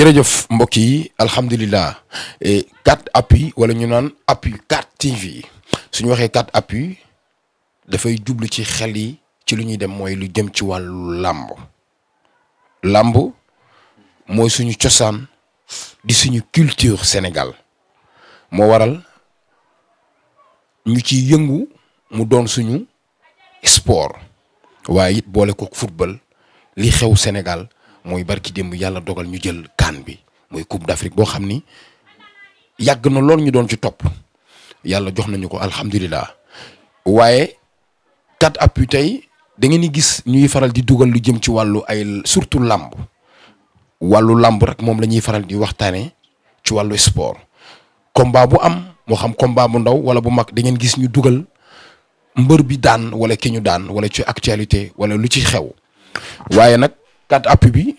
jërëjëf mbokk yi alhamdulilah et 4 wala ñu naan appui 4 TV suñu waxee 4 appui dafay jublu ci xel yi ci lu ñuy dem mooy lu jëm ci wàllu làmb làmb mooy suñu cosaan di suñu culture Sénégal moo waral ñu ci yëngu mu doon suñu sport waaye it boole ko football li xew Sénégal mooy barki démb yàlla dogal ñu jël kaan bi mooy coupe d'Afrique boo xam ni yàgg na lool ñu doon ci topp yàlla jox nañu ko alhamdulilah waaye kat appui tey da ngeen di gis ñuy faral di dugal lu jëm ci wàllu ay surtout làmb wàllu làmb rek moom la ñuy faral di waxtaanee ci wàllu sport komba bu am moo xam komba bu ndaw wala bu mag da ngeen gis ñu dugal mbër bi daan wala ki ñu daan wala ci actualité wala lu ci xew waaye nag quatre appuis bi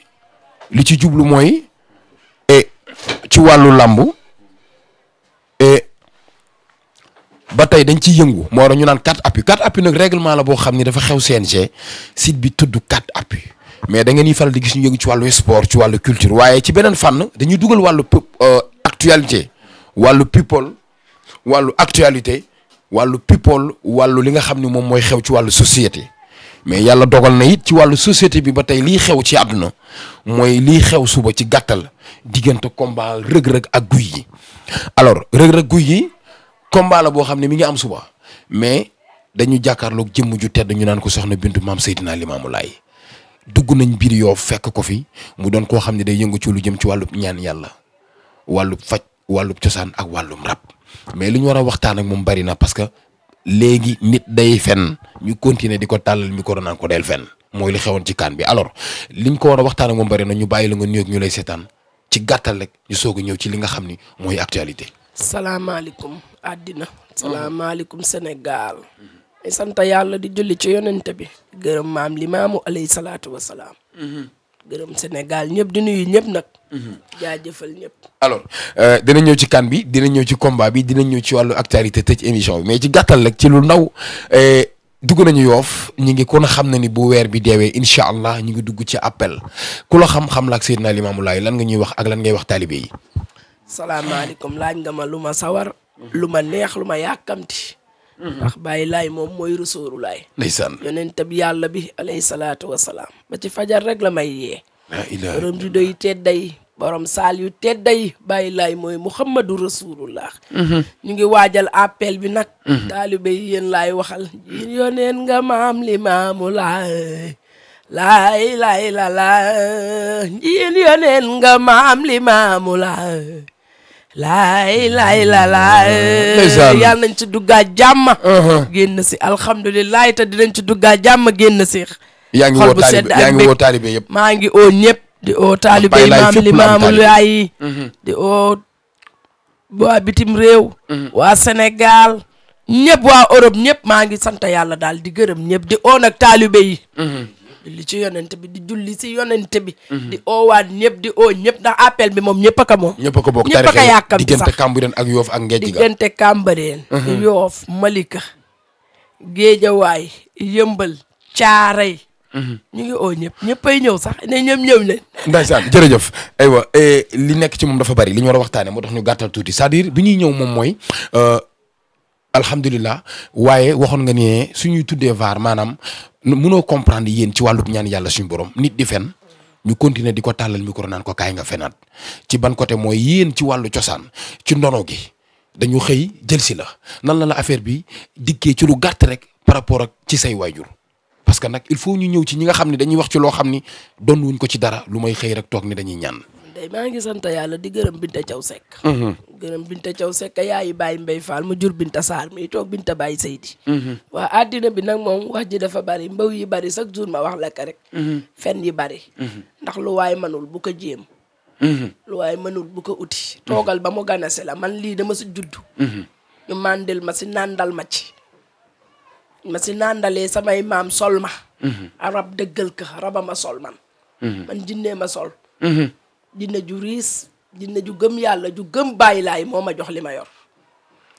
li ci jublu mooy e, ci wàllu làmb et ba tey dañ ciy yëngu moo war ñu naan quatre appuis quatre appuis nag règlement la boo xam ni dafa xew CNG site bi tudd quatre app mais da ngeen di faral di gis ñu yëngu ci wàllu sport ci wàllu culture waaye ci beneen fànn dañuy dugal wàllu euh, actualité wàllu people wàllu actualité wàllu people wàllu li nga xam ni moom mooy xew ci wàllu société mais yàlla dogal na it ci wàllu société bi ba tey lii xew ci àdduna mooy lii xew suba ci gàttal diggante komba rëg-rëg ak guy yi alors rëg-rëg guy yi combat la boo xam ne mi ngi am suba mais dañu jàkkaarloog jëmm ju tedd ñu naan ko soxna bindu maam Seydina Limaamu Laay dugg nañ biir yoo fekk ko fi mu doon koo xam ne day yëngu ci lu jëm ci wàllu ñaan yàlla wàllu faj wàllu cosaan ak wàllum rab mais li ñu war waxtaan ak moom bari na parce que léegi nit day fen ñu continuer di ko tàllal ko naan ko del fen mooy li xewoon ci kaan bi alors liñ ko war a waxtaan ak moom bëri na ñu bàyyi la nga nuyoog ñu lay seetaan ci gàttal rek ñu soog a ñëw ci li nga xam ni mooy actualité. salaamaaleykum àddina. salaamaaleykum Sénégal. sant yàlla di julli ci yonente bi. gërëm maam li maamu alayhi salaatu wa salaam. Mhm. gërëm Sénégal ñëpp di nuyu ñëpp nag. Mhm. jaajëfal ñëpp. alors euh, dina ñëw ci kan bi dina ñëw ci combat bi dina ñëw ci wàllu actualité tëj émission bi mais ci gàttal rek ci lu ndaw euh, dugg nañu yoof ñu ngi kon xam na ni bu weer bi deewee incha allah ñu ngi dugg ci appel ku la xam-xam la ak Seydina Limamou Laye lan nga ñuy wax ak lan ngay wax taalibe yi. salaamaaleykum laaj nga ma lu ma sawar. lu ma neex lu ma yàkkamti. Mhm. ndax bàyyi laay moom mooy rasooru laay ndeysaan yonentab yàlla bi alayhi salaatu wasalaam ba ci fajar rek la may yee borom di doy tedday borom saal yu tedday bàyyi laay mooy muhammadu rasulullah mhm. ñu waajal appel bi nag mhm. taalibe yi yéen laay waxal yéen yoneen nga maam li la maam li maamu laay laay la laay yal nañ ci duggaa jàmm uh-huh. génn si alhamdulilah di dinañ ci duggaa jàmm génn si yaa ngi woo taalibe yaa ngi yëpp maa ngi oo ñëpp di oo taalibe maam li maamu uh-huh. di oo bitim réew uh-huh. waa senegal ñëpp waa Europe ñëpp maa ngi sant yàlla daal di gërëm ñëpp di oo nag taalibe yi julli ci yonent bi di julli si yonent bi mhm. di oowaat ñëpp di oo ñëpp ndax appel bi moom ñëpp a ko moom ñëpp a ko bokk ñëpp a ko yàkkam sax diggante Cambérène ak Yoof ak Ngejj ga diggante Cambérène mhm. Yoof mhm. ñu ngi oo ñëpp ñëppay ñëw sax ne ñoom ñëw leen ndeysaan jërëjëf eh, li nekk ci moom dafa bari li ñoo waxtaane moo tax ñu gàttal tuuti cest à bi ñuy ñëw moom mooy euh, alhamdulilah waaye waxoon nga ne suñuy tuddee vaar maanaam mënoo comprendre yéen ci wàllu ñaan yàlla suñu borom nit di fen ñu continuer di ko tàllal micro naan ko kaay nga fenaat ci ban côté mooy yéen ci wàllu cosaan ci ndono gi dañu xëy jël si la nan la la affaire bi dikkee ci lu gàtt rek par rapport ak ci say waajur parce que nag il faut ñu ñëw ci ñi nga xam ne dañuy wax ci loo xam ni doon wuñ ko ci dara lu may xëy rek toog ni dañuy ñaan tey maa ngi sant yàlla di gërëm Binta Thiaw Seck mhm. gërëm Binta Thiaw Seck yaayi baay mbay Fall mu jur Binta Sarr mi toog Binta Baye Seydi mhm. waa àddina bi nag moom wax ji dafa bari mbaw yi bari chaque jour ma wax lekk ka rek mhm. fen yi bari ndax lu waay manul bu ko jéem lu waay manul bu ko uti toogal ba mu ganase la man lii dama si judd ñu mandil ma si nàndal ma ci ma si nàndalee samay maam sol ma arab dëggal ka rabama sol man man jinnee dina ju riis dina ju gëm yàlla ju gëm bàyyi laay moo ma jox li ma yor.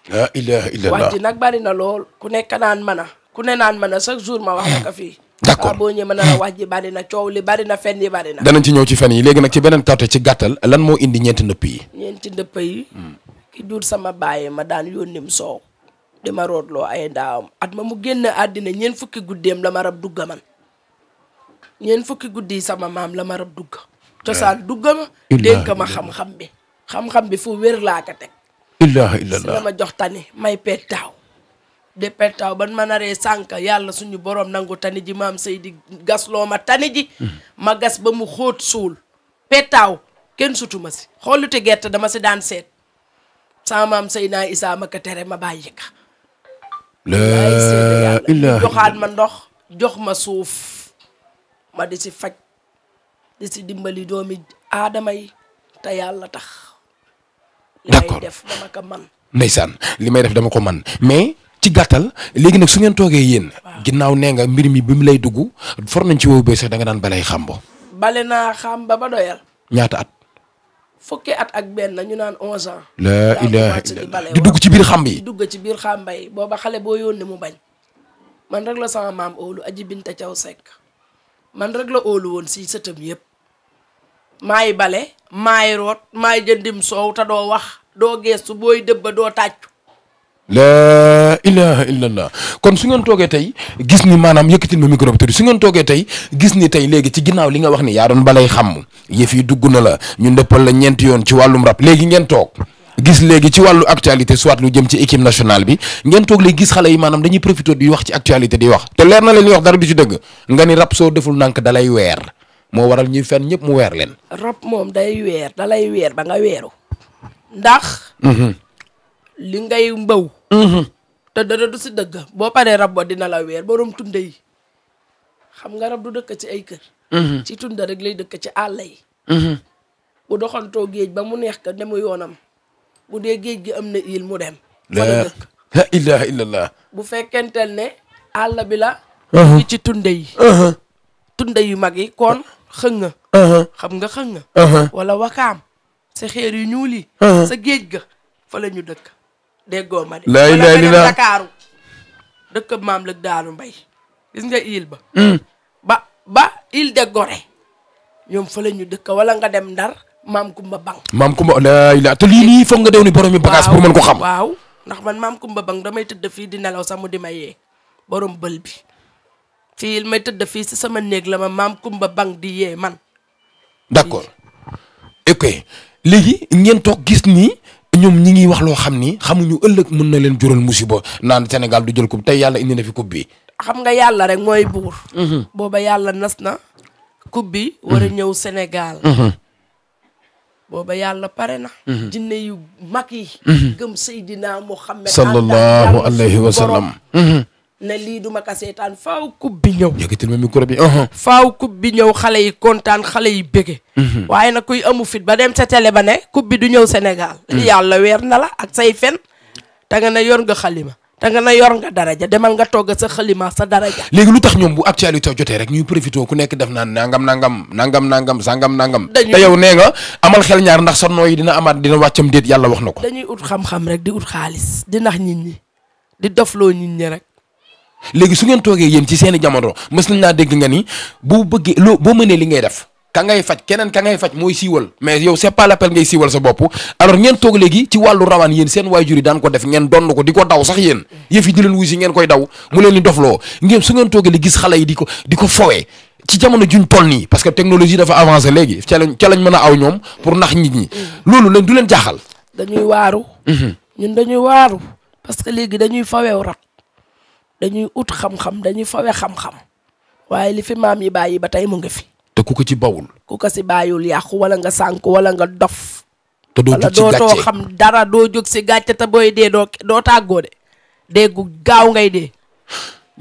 la nag bari na lool ku nekk naan mën a ku ne naan mën a chaque jour ma wax la ko fii. d'accord boo ñëwee mën a wax ji na coow li bari na fen yi bari na. danañ ci ñëw ci fen yi léegi nag ci beneen kàrte ci gàttal lan moo indi ñeenti ndëpp yi. ñeenti ndëpp yi. ki jur sama bàyyi ma daan yónni soow. di ma rootloo ay ndaawam at ma mu génn àddina ñeent fukki guddeem la ma rab dugga man ñeent fukki guddi sama maam la ma rab dugga cosaan dugga ma dénk ma xam-xam bi xam-xam bi fu wér laa ko teg illaaha si ma jox tani may pettaaw de pettaaw ban ma naree sànk yàlla suñu borom nangu tani ji maam Seydi gas ma tani ji mm. ma gas ba mu xóot suul pettaaw kenn sutu ma si xoolute gerte dama si daan seet sama maam Seydina Isaa ma ko tere ma bàyyi ka laa ilaaha joxaat ma ndox jox ma suuf ma di si faj di dimbali doomi aadama yi te yàlla tax. d'accord def dama man ndeysaan li may def dama ko man mais ci gàttal léegi nag su ngeen toogee yéen. ginnaaw nee nga mbir mi bi lay dugg for nañ ci wow bee sax da nga daan balay bale naa xamba ba ñaata at. fukki at ak benn ñu naan 11 ans. la di dugg ci biir xamb yi. dugg ci biir xamba yi booba xale boo yónnee mu bañ man rek la sama maam óolu aji Binta Thiaw Seck man rek la óolu woon si sëtam yëpp. maay bale maay root maay jëndim soow te doo wax doo geestu booy dëbba doo tàccu laa ilaha illallah kon su ngeen toogee tey gis ni maanaam yëkkatil ma micro bi su ngeen toogee tey gis ni tey léegi ci ginnaaw li nga wax ni yaa doon balay xam yëf yi dugg na la ñu ndëppal la ñeenti yoon ci wàllum rap léegi ngeen toog gis léegi ci wàllu actualité soit lu jëm ci équipe nationale bi ngeen toog léegi gis xale yi maanaam dañuy profité di wax ci actualité di wax te leer na leen wax dara du ci dëgg nga ni rap soo deful nànk dalay weer moo waral ñuy fen ñëpp mu weer leen. rab moom day weer da weer ba nga weeru. ndax. Mhm. li ngay mbaw. Mhm. te dara du si dëgg boo paree rab ba dina la weer borom tunde yi xam nga rab du dëkk ci ay kër. Mhm. ci tunde rek lay dëkk ci àll yi. bu doxantoo géej ba mu neex ka demu yoonam bu dee géej gi am na il mu dem. la la ilaha bu fekkenteel ne àll bi la. ci tunde yi. tunde yu mag yi kon. xëng nga uh-huh. xam nga xëng nga uh-huh. wala wakaam sa xeer yu ñuul yi uh-huh. sa géej ga fa ñu dëkk déggoo ma de laay laay li Dakaaru dëkk maam lëg daanu mbay gis nga île mm. ba ba ba île de Gorée ñoom ñu dëkk wala nga dem Ndar maam Kumba Bang maam Kumba laay la te lii nii foog nga dew ni borom yi bagage pour mën ko xam waaw ndax man maam Kumba Bang may tëdd fii di nelaw sax di ma yee borom bël bi fii may tëdd fii si sama néeg la ma maam Kumba Bang di yee man. d'accord ok léegi ngeen toog gis nii ñoom ñu ngi wax loo xam ni xamuñu ëllëg mun na leen jural musibo naan senegal du jël coupe tey yàlla indi na fi coupe bi. xam nga yàlla rek mooy buur. Mhm. booba yàlla nas na. coupe bi war a mhm. ñëw Sénégal. Mhm. booba yàlla pare na. jinne yu mag yi. gëm Seydina Muhammad sallallahu alayhi wa sallam ne lii du ma ko seetaan faaw coupe bi ñëw. yëkkatil ma micro bi. Uh-huh. faaw coupe bi ñëw xale yi kontaan xale yi bége. Mm-hmm. waaye nag kuy amu fit ba dem sa télé ba ne coupe bi du ñëw Sénégal. Mm-hmm. yàlla weer na la ak say fen. te na yor nga xalima. da nga na yor nga daraja demal nga togg sa xalima sa daraja léegi lu tax ñoom bu actualité jotee rek ñuy profité ku nekk def naan nangam nangam nangam nangam sangam nangam te yow nee nga amal xel ñaar ndax sa nooyi dina amaat dina wàccam déet yàlla wax na ko dañuy ut xam-xam rek di ut xaalis di nax nit ñi di dofloo nit ñi rek léegi su ngeen toogee yéen ci seen i jamono mës nañ naa dégg nga ni boo bëggee loo boo mënee li ngay def ka ngay faj keneen ka ngay faj mooy siiwal mais yow c'est pas l'appel ngay siiwal sa bopp alors ngeen toog léegi ci wàllu rawaan yéen seen waajur yi daan ko def ngeen donn ko di ko daw sax yéen yëf yi di leen wuy si ngeen koy daw mu leen di loo ngeen su ngeen toogee li gis xale yi di ko di ko fowee ci jamono juñ toll nii parce que technologie dafa avancé léegi ca lañ ca lañ a aw ñoom pour nax nit ñi mm-hmm. loolu leen du leen jaaxal dañuy waaru mm-hmm. ñun dañuy waaru parce que léegi dañuy faweew rab dañuy ut xam-xam dañuy fawe xam-xam waaye li fi maam yi bàyyi ba tey mu ngi fi. te ku ko ci bawul. ku ko si bàyyiwul yàqu wala nga sànk wala nga dof. te doo jóg si gàcce xam dara doo jóg si gàcce te booy dee doo doo tàggoo de déggu gaaw ngay dee.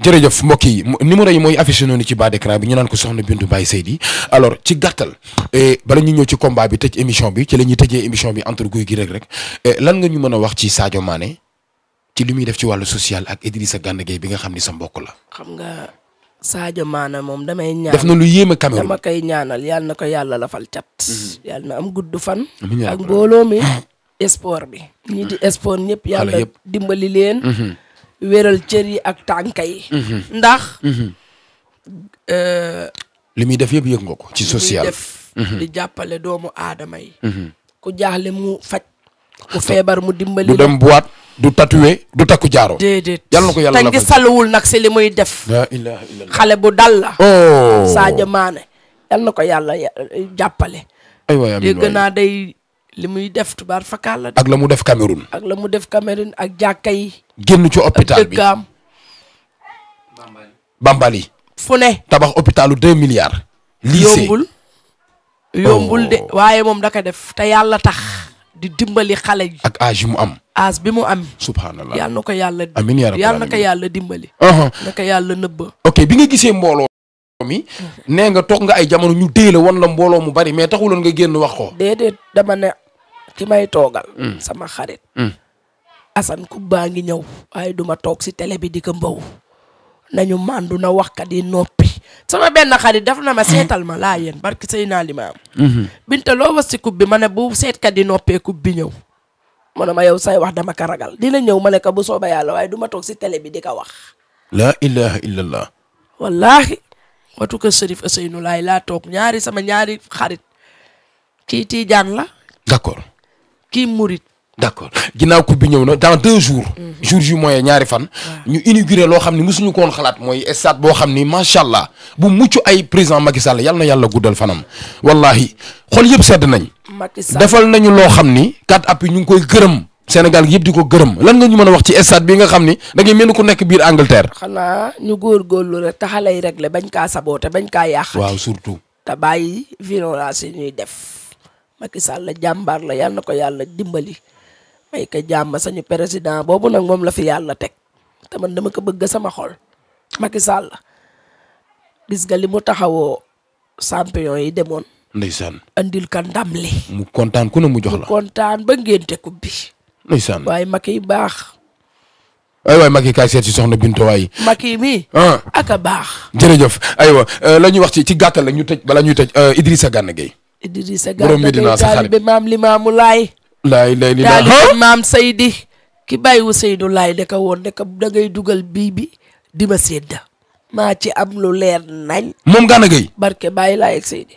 jërëjëf mbokk yi numéro yi mooy affiché noonu ci baa bas d'écran bi ñu naan ko soxna bàyyi Mbaye Seydi alors ci gàttal eh, bala ñu ñëw ci combat bi tëj émission bi ci la ñuy tëjee émission bi entre Gouye Gui rek Reug eh, lan nga ñu mën a wax ci Sadio Mané. ci li muy def ci wàllu social ak Idrissa Gana Gueye bi nga xam ni sa mbokk la. xam nga Sadio Mané moom damay. ñaanal def na lu yéeme Cameroun dama koy ñaanal yàlla na ko yàlla lafal cat. Mm-hmm. yàlla na am gudd fan. ak mbooloo mi sport bi. ñi di mm-hmm. sport ñëpp yàlla dimbali leen. Mm-hmm. wéral cër yi ak tànka yi. ndax. Euh, lu muy def yëpp yëg nga ko ci social. di jàppale doomu aadama yi. ku jaaxle mu faj. ku feebar mu dimbali. du dem boîte du tatoué du takku jaaro. déedéet yal na ko yàlla la te gisaluwul nag si li muy def. la ilaha illallah xale bu dal la. oh Sadio Mané na ko yàlla jàppale. aywa amiin day li muy def tubaar fakkaal la. ak la mu def Cameroun. ak la mu def Cameroun ak jàkka yi. génn ci hôpital bi ak Bambali. fu tabax hôpitalu deux milliards. lycée yombul oh. yombul de waaye moom da def te yàlla tax. di dimbali xale ak âge mu am. âge bi mu am. subhanallah yal na ko yàlla. amiin yaa rabbal aalamiin yal na ko yàlla dimbali. Uh-huh. na ko yàlla nëbba. ok bi nga gisee mbooloo mi. nee nga toog nga ay jamono ñu dee la wan la mbooloo mu bari mais taxuloon nga génn wax ko. déedéet dama ne ki may toogal. Hmm. sama xarit. Hmm. Assane ku baa ngi ñëw. waaye duma toog si tele bi di ko mbaw. nañu màndu na wax waxkat yi noppi sama benn xarit daf na ma seetal ma laa yéen barki sëy naa li ma am binte loo was ci coupe bi ma ne bu seetkat yi noppee coupe bi ñëw mu ne ma yow say wax dama ko ragal dina ñëw ma ne ko bu sooba yàlla waaye du ma toog si télé bi di ko wax laa ilaha illallah wallahi watu ko Serif Ousseynou Laye laa toog ñaari sama ñaari xarit kii tiijaan la d'accord kii murit d' accord ginnaaw coupe bi ñëw na dans deux jours. Mhm. jour ju mooy ñaari fan. ñu inauguré loo xam ne mosuñu suñu woon xalaat mooy stade boo xam ni macha allah bu mucc ay président Macky Sall yal na yàlla guddal fanam. wallahi xol yëpp sedd nañ. defal nañu loo xam ni. quatre appuis ñu ngi koy gërëm. Sénégal yëpp di ko gërëm lan nga ñu mën a wax ci stade bi nga xam ni da mel ni ku nekk biir Angleterre. xanaa ñu góorgóorlu rek taxalay bañ kaa saboote bañ kaa yàq. waaw surtout. te bàyyi violence yi ñuy def Macky Sall jàmbaar la yal na ko yàlla dimbali may ko jàmm sañu président boobu nag moom la fi yàlla teg te man dama ko bëgg sama xol Macky Sall la li mu taxawoo champion yi demoon. ndeysaan andil ka ndam mu kontaan ku mu jox la mu kontaan ba ngénte ku bi. ndeysaan waaye Macky baax. aywa Macky kaay seet si soxna Bintu waay. Macky mi ah aka baax. jërëjëf aywa euh, la ñuy wax ci ci gàttal la ñu tëj bala ñuy tëj euh, Idrissa Gana Gueye. Idrissa Gana Gueye borom Medina sa xarit bi maam Limaamu Laay laay lay li daal maam Seydi ki bàyyiwu Seydou laay da ka woon da ka da ngay dugal bii bi di ma sédda maa ci am lu leer nañ. moom Gana Gueye. barke bàyyi laay ak Seydi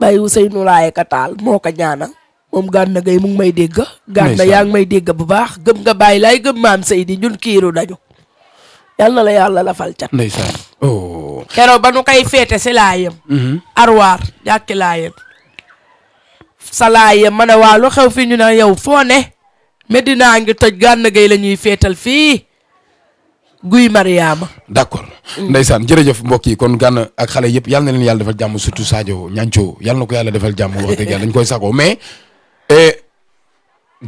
bàyyiwu Seydou laay ka taal moo ko ñaanal moom Gana Gueye mu ngi may dégg. Gana yaa ngi may dégg bu baax gëm nga bàyyi laay gëm maam Seydi ñun kiiru nañu. yàlla na la yàlla lafal cat. ndeysaan. Oh. keroog ba nu koy féete si laayam. Mm-hmm. arwaar jàkki laayam. salaaya ma ne waa lu xew fii ñu ne yow foo ne Medina ngi toj gànn gay la ñuy feetal fii guy Mariama. d'accord ndeysaan jërëjëf mbokk yi kon gànn ak xale yëpp yal na leen yàlla defal jàmm surtout Sadio Niancho yal na ko yàlla defal jàmm wax dëgg yàlla dañ koy mais eh,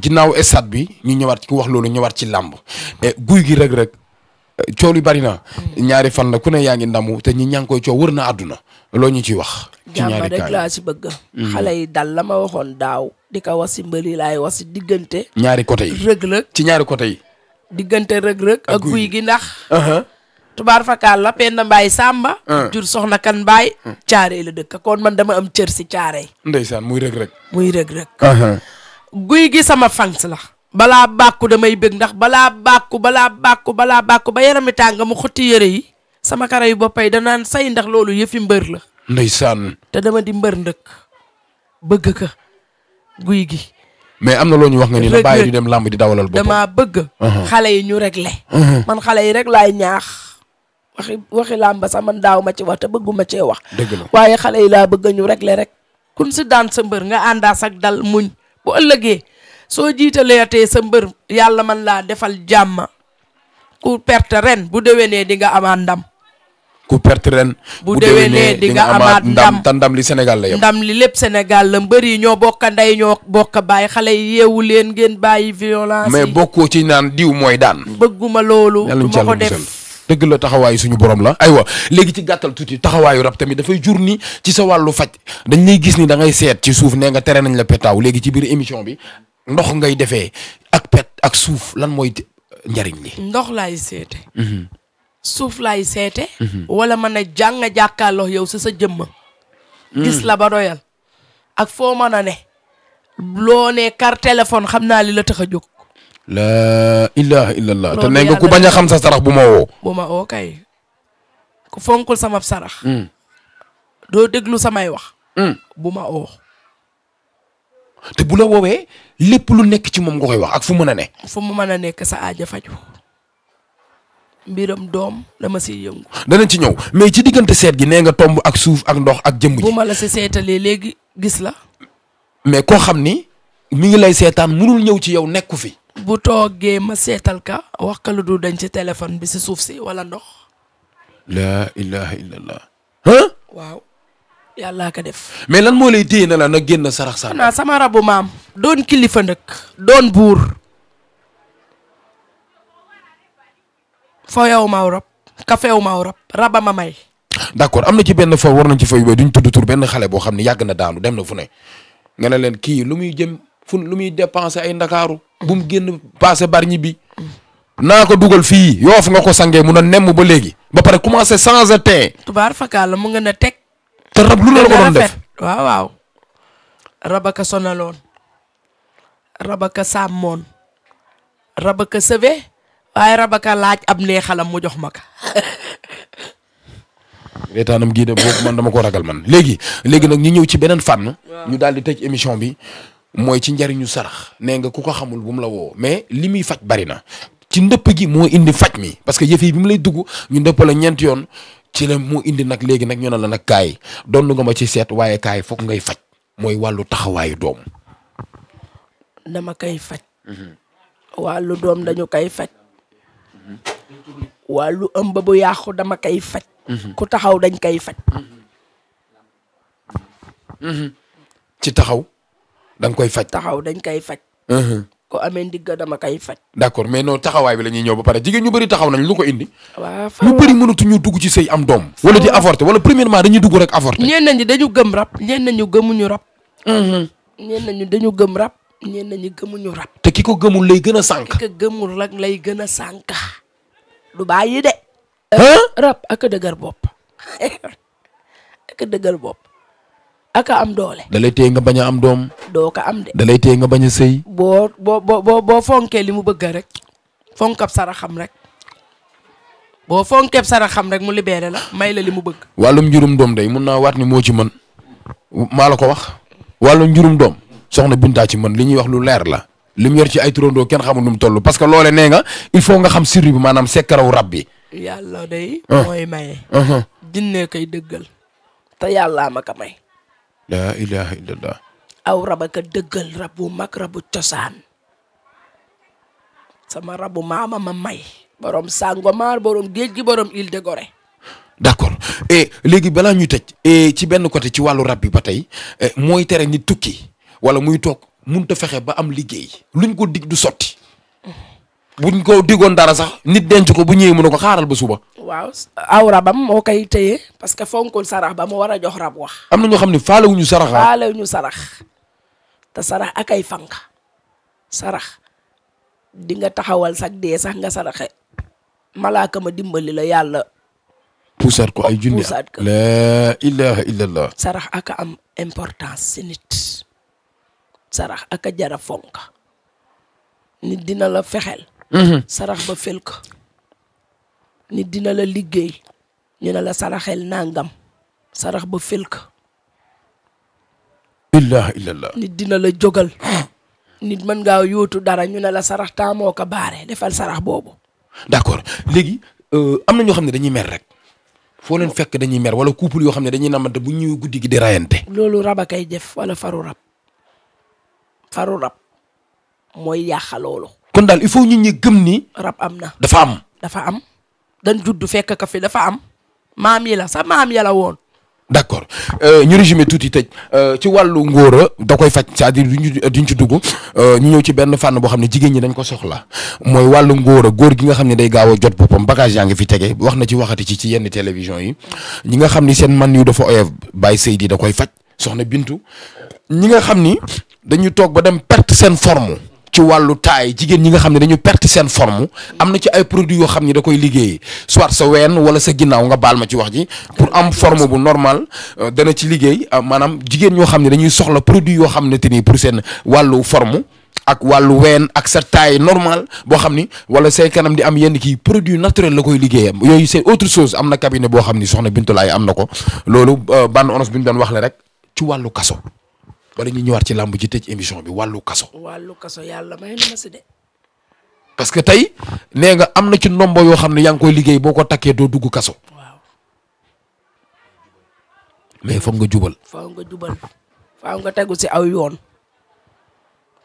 ginnaaw stade bi ñu ñëwaat ku wax loolu ñëwaat ci làmb eh, guy gi rek rek eh, coow li bari na mm. ñaari fan la ku ne yaa ngi ndamu te ñi ñaa ngi koy coow wër na àdduna loo ñu ciy wax. jàmm rek laa si bëgg mm-hmm. xale yi dal la ma waxoon daaw di ka wax si mbëri laay wax si diggante ñaari côté yi rëg ci ñaari côté yi diggante rëg-rëg ak guy gi ndax uh-huh. tubaar fakaal la Penda Mbaay Samba uh. jur soxna kan mbaay uh. caaree la dëkk kon man dama am cër si caare ndeysaan muy rëg-rëg muy rëg-rëg guy gi sama fans la balaa bàkku damay bëgg ndax balaa bàkku balaa bàkku balaa bàkku ba yarami tàng mu xotti yëre yi sama kara yu boppay danaan say ndax loolu yëfi mbër la ndeysaan te dama di mbër ndëkk bëgg ka guy gi mais am na loo ñu wax nga ni la bàyyi di dem làmb di dawalal boppam dama bëgg uh-huh. xale yi ñu réglé uh-huh. man xale yi rek laay ñaax waxi waxi làmba sax man daaw ma ci wax te bëgguma cee wax dëgg la waaye xale yi laa bëgg ñu réglé rek kun si daan sa mbër nga àndaas ak dal muñ bu ëllëgee soo jiitalee sa mbër yàlla man laa defal jàmm ku perte ren bu déwénee di nga amaat ndam ku perte ren. bu déwénee di nga amaat ndam te ndam li Sénégal la yem. ndam li lépp Sénégal la mbër ñoo bokk ndey ñoo bokk bàyyi xale yi yeewu leen ngeen bàyyi violence mais bokkoo ci naan diw mooy daan. bëgguma loolu. du ma ko def dëgg la taxawaayu suñu borom la aywa léegi ci gàttal tuuti taxawaayu rab tamit dafay jur ni ci sa wàllu faj dañ lay gis ni dangay seet ci suuf nee nga tere nañ la petaaw léegi ci biir émission bi ndox ngay defee ak pet ak suuf lan mooy njariñ li ndox laay seete mhm. suuf laay seete. Mhm. wala man a jàng jàkkaarloo yow si sa jëmma gis mm. la ak foo mën a ne. loo ne kar téléphone xam naa li la tax a jóg. laa ilaha illallah. te ne nga ku bañ a xam sa sarax bu ma woo. bu ma woo kay ku fonkul sama sarax. Mm. doo déglu samay wax. Mm. bu ma woo. te bu la woowee lépp lu nekk ci moom nga koy wax ak fu mën a ne. fu mu mën a nekk sa aaja faju mbiram doom dama si yëngu. danañ ci ñëw mais ci diggante seet gi nee nga tomb ak suuf ak ndox ak jëmm ji. bu ma la si seetalee léegi gis la. mais koo xam ni mu ngi lay seetaan munul ñëw ci yow nekku fi. bu toogee ma seetal ka wax ka lu du dañ ci téléphone bi si suuf si wala ndox. laa ilaha illallah. ah. waaw yàllaa ko def. mais lan moo lay téye na la na génn sarax sarax. xanaa sama rabu maam. doon kilifa nag. doon buur. foyewuma aw rab kafewuma aw rab raba ma may. d'accord am na ci benn foofu war nañ ci foofu yooyu duñ tudd tur benn xale boo xam ne yàgg na daanu dem na fu ne nga ne leen kii lu muy jëm fu lu muy dépenser ay ndakaaru. bu mu génn passé bari ñi naa ko dugal fii yoof nga ko sangee mun a nemm ba léegi. ba pare commencé changer tey. tubaar fakkaar la mu nga a teg. te rab lu la la ko doon def waaw waaw. rabaka sonaloon rabaka sàmmoon rabaka sëve waaye rabaka laaj ab xalam mu jox ma ka reetaanam gii de boobu man dama ko ragal man léegi léegi nag ñu ñëw ci beneen fànn ñu daal di tëj émission bi mooy ci njariñu sarax nee nga ku ko xamul bu mu la woo mais li muy faj bari na ci ndëpp gi moo indi faj mi parce que yëf yi bi mu lay dugg ñu ndëpp la ñeent yoon ci la mu indi nag léegi nag ñu ne la nag kaay doon nga ma ci seet waaye kaay foog ngay faj mooy wàllu taxawaayu doom dama koy faj mhm. wàllu doom faj waa lu ëmb bu yàqu dama kay faj. Mhm. ku taxaw dañ koy faj. Mhm. ci taxaw da koy faj. taxaw dañ koy faj. Mhm. ko amee ndigg dama kay faj. d'accord mais non taxawaay bi la ñuy ñëw ba pare jigéen ñu bari taxaw nañ lu ko indi. waaw ñu bëri mënatuñu dugg ci sëy am doom. wala di avorté wala premièrement dañuy dugg rek avorté. ñenn ñi dañu gëm rab ñenn nañu gëmuñu rab. ñenn ñi dañu gëm rab. ñenn ñi gëmuñu rab. te ki ko gëmul lay gën a sànq. ki ko gëmul rek lay gën a sànq. du bàyyi de. rab ak a dëgër bopp ak bopp ak am doole. da lay téye nga bañ a am doom. doo ko am de. da lay téye nga bañ a sëy. boo boo boo fonkee li mu bëgg rek fonkab saraxam rek boo fonkeb saraxam rek mu libéré la may la li mu bëgg. wàllum njurum doom day mun naa waat ni moo ci mën maa la ko wax wàllum njurum doom soxna Binta ci mën li ñuy wax lu leer la. li mu yor ci ay turandoo kenn xamul nu mu toll parce que loole nee nga il faut nga xam sirri bi maanaam sekkaraw rab bi. yàlla day. Ah. mooy maye. Ah, ah. jinne koy dëggal. te yàllaa ma ko may. laa ilaha illallah. aw raba ka dëggal rabbu bu mag rabu cosaan. sama rabu maama ma may. borom Sangomar borom géej gi borom il de Gorée. d' accord et léegi balaa ñuy tëj. ci benn côté ci wàllu rab bi ba tey eh, mooy tere nit tukki wala muy toog. munta fexe ba am liggéey luñ ko dig du sotti buñ ko digoon dara sax nit denc ko bu ñëwee mu ne ko xaaral ba suba waaw aw rabam moo koy téye parce que fonkul sarax ba mu war a jox rab wax am na ñoo xam ni ne faalewuñu sarax ah. ñu sarax te sarax ak ay fanq sarax di nga taxawal sax dee sax nga saraxe malaaka ma dimbali la yàlla puusaat ko ay oh, junni puusaat ko la sarax ak am importance si nit sarax ak a jara fonk nit dina la fexel mhm. sarax ba fel nit dina la liggéey ñu ne la saraxel nangam sarax ba fel ko illah nit dina la jógal nit man ngaa yóotu dara ñu ne la sarax taamoo ko baare defal sarax boobu d'accord léegi euh, am na ñoo xam ne dañuy mer rek foo leen fekk dañuy mer wala couple yoo xam ne dañuy namante bu ñuy guddi gi di rayante loolu rab kay def wala faru rab faru rab mooy yàqa loolu. kon daal il faut ñu ñi gëm ni. rab am na dafa am. dafa am dañ judd fekk ka fi dafa am maam yi la sa maam ya la woon. d' accord euh, ñu résumé tuuti tëj euh, ci wàllu ngóora da koy faj cest di dire duñu duñ ci dugg euh, ñu ñëw ci benn fànn boo xam ne jigéen ñi dañ ko soxla mooy wàllu ngóora góor gi nga xam ne day gaaw a jot boppam bagage yaa ngi fi tege wax na ci waxati ci ci yenn télévision yi ñi nga xam ni seen man yu dafa oyof bàyyi sëy di da koy faj. soxna Bintu ñi nga xam ni dañu toog ba dem perte seen forme ci wàllu taay jigéen ñi nga xam ne dañu perte seen forme am na ci ay produit yoo xam ni da koy liggéey soit sa ween wala sa ginnaaw nga baal ma ci wax ji am forme bu normal euh, dana ci liggéey euh, maanaam jigéen ñoo xam ne dañuy soxla produit yoo xam ne te nii wàllu forme ak wàllu ween ak sa taille normal boo xam ni wala say kanam di am yenn kii produit naturel la koy liggéeyam yooyu c'est autre chose am na cabinet boo xam ni soxna Bintu laay am na ko loolu euh, ban onos bi ñu doon wax la rek ci wàllu kaso wala ñu ñëwaat ci làmb ji tëj émission bi wàllu kaso. wàllu kaso yàlla may na ma si de. parce que tey nee nga am na ci nombo yoo xam ne yaa ngi koy liggéey boo ko takkee doo dugg kaso. mais foog nga jubal. foog nga jubal foog nga tegu si aw yoon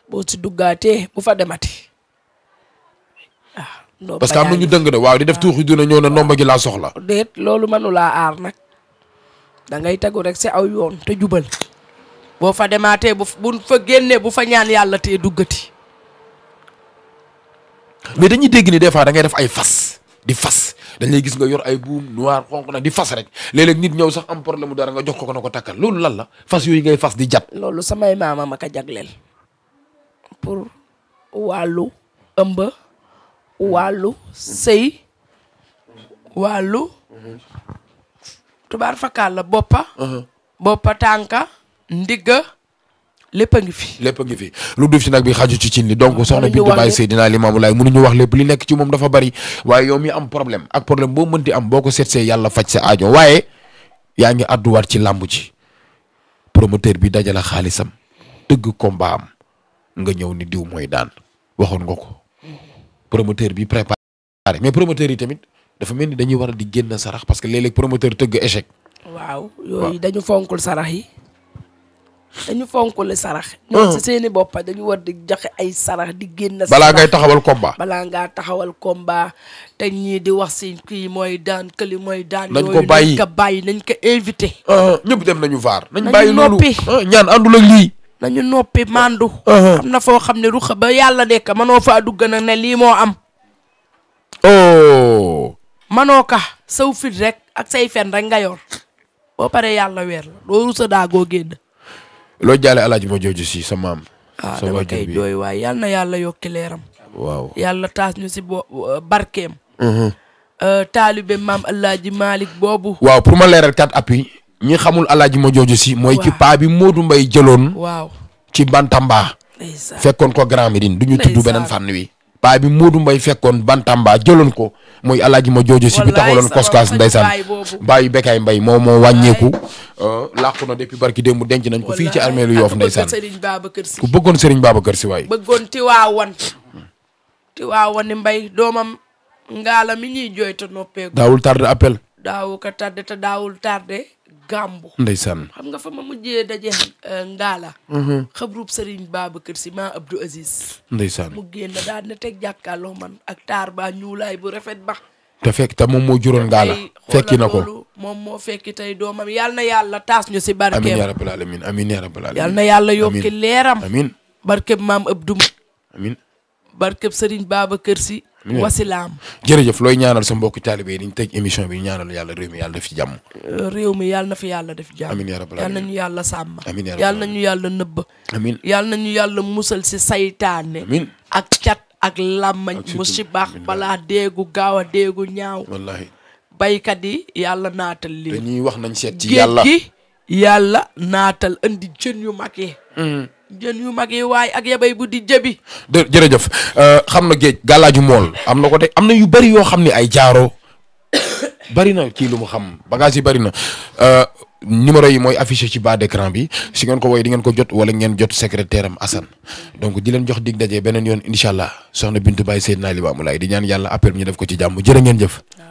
boo si duggaatee fa demati ah. parce que am na ñu dëng de waaw di def ah. tuux dina ñëw ne nomba gi laa soxla. déet loolu mënu aar nag. da ngay tegu rek si aw yoon te jubal boo fa demaatee bu fa génnee bu fa ñaan yàlla tee duggati. mais dañuy dégg ni des fois da ngay def ay fas di fas dañ gis nga yor ay buum noir xonq na di fas rek léeg-léeg nit ñëw sax am problème mu dara nga jox ko ko na ko takkal loolu lan la fas yooyu ngay fas di jat loolu samay maama ma ko jagleel pour wàllu ëmb wàllu sëy wàllu mhm. tubaar fakkaal la boppa uh-huh. boppa tànka ndigga lépp a ngi fi lépp a ngi fi lu du ci nag bi xaju ci cin li donc soxna Bintu Baye Seydina Limaamu Laay ñu wax lépp li nekk ci moom dafa bari waaye yow mi am problème ak problème boo mënti am boo ko seetsee yàlla faj sa aajo waaye yaa ngi àdduwaat ci làmb ci promoteur bi dajala xaalisam dëgg combat am nga ñëw ni diw mooy daan waxoon nga ko mm-hmm. promoteur bi préparé mais promoteur yi tamit dafa mel ni dañuy war a di génn sarax parce que léeg-léeg promoteur tëgg échec. waaw yooyu dañu fonkul sarax yi dañu fonkul sarax. Hmm. ñoom ci seeni boppa dañu war di joxe ay sarax di génn. sarax balaa ngay taxawal combat. ngaa taxawal combat te ñii di wax si kii mooy daan këli mooy daan. nañ bàyyi nañ ko bàyyi nañ ko invité. Ah, ñëpp dem nañu vaar. nañ bàyyi loolu ah, ñaan àndul ak lii. nañu noppi mandu ah, am na foo xam ne ruxa ba yàlla nekk mënoo faa dugg nag ne lii moo am. Oh. manoo ka saw fit rek ak say fen rek nga yor boo paree yàlla weer la doo rusa daagoo génn. loo jaale alaaji ma jooju si sa maam. Ah, sa dama koy na yàlla yokki leeram. waaw yàlla taas ñu si bo barkeem. Mm-hmm. Euh, taalibe maam alaaji Malick boobu. waaw pour ma leeral kat appui ñi xamul alaaji ma jooju si. mooy ci paa bi Modou mbay jëloon. waaw ci Bantamba. fekkoon ko Grand Médine du ñu tudd beneen fànn wi. paa bi Modou Mbaye fekkoon Bantamba jëloon ko mooy alaaji ma joojo si bi taxawaloon koskaas ndeysaan baayu Bekaay Mbaye moo moo wàññeeku euh, làqu na depuis barki mu denc nañ ko fii ci armeelu Yoof ndeysaan ku bëggoon Serigne Babacar Sy waay bëggoon Tiwaawan Tiwaawan ni Mbaye doomam ngaala mi ñuy jooy te noppeeku daawul tardé appel daawu ko tardé te daawul tardé gàmbu ndeysaan xam nga fa ma mujjee daje euh, ngaala mhm. xabrub sëriñ Babacar Si ma Abdou Aziz ndeysaan mu génn daal na teg jàkkaarloo man ak taar ba ñuulaay bu rafet ba te fekk ta moom moo juróon ngaala fekki na ko moom moo fekki tey doomam yal na yàlla taas ñu si barkeem amiin yaa rabbal alamin amiin yaa rabbal na yàlla yokki leeram amiin barkeb maam Abdou amiin barkeb sëriñ Babacar wasilaam jërëjëf looy ñaanal sa mbokku taalibe yi dañ teg émission bi ñaanal yàlla réew mi yàlla def ci jàmm euh, réew mi yàlla na fi yàlla def jàmm amiin yaa rabbal aalamiin yàlla nañu yàlla sàmm amiin yàlla nañu yàlla nëbb amiin yàlla nañu yàlla musal si seytaane ak cat ak làmmañ mu si balaa déegu gaaw a déegu ñaaw wallaahi baykat yi yàlla naatal li wax nañ seet ci yàlla géej gi yàlla naatal andi jën yu mag yi mm. jën yu mag yi waay ak yabay bu di jëbi. dë jërëjëf euh, xam na géej gàllaaju mool am na ko de am na yu bari yoo xam ne ay jaaro bari na kii lu mu xam bagage yi bari na euh, numéro yi mooy affiché ci bas d'écran bi si ngeen ko woy di ngeen ko jot wala ngeen jot secrétaire am Assane donc di leen jox dig daje beneen yoon incha allah soxna Bintu Baye Seydina Limamou Laye di ñaan yàlla appel bi ñu def ko ci jàmm jërë ngeen jëf.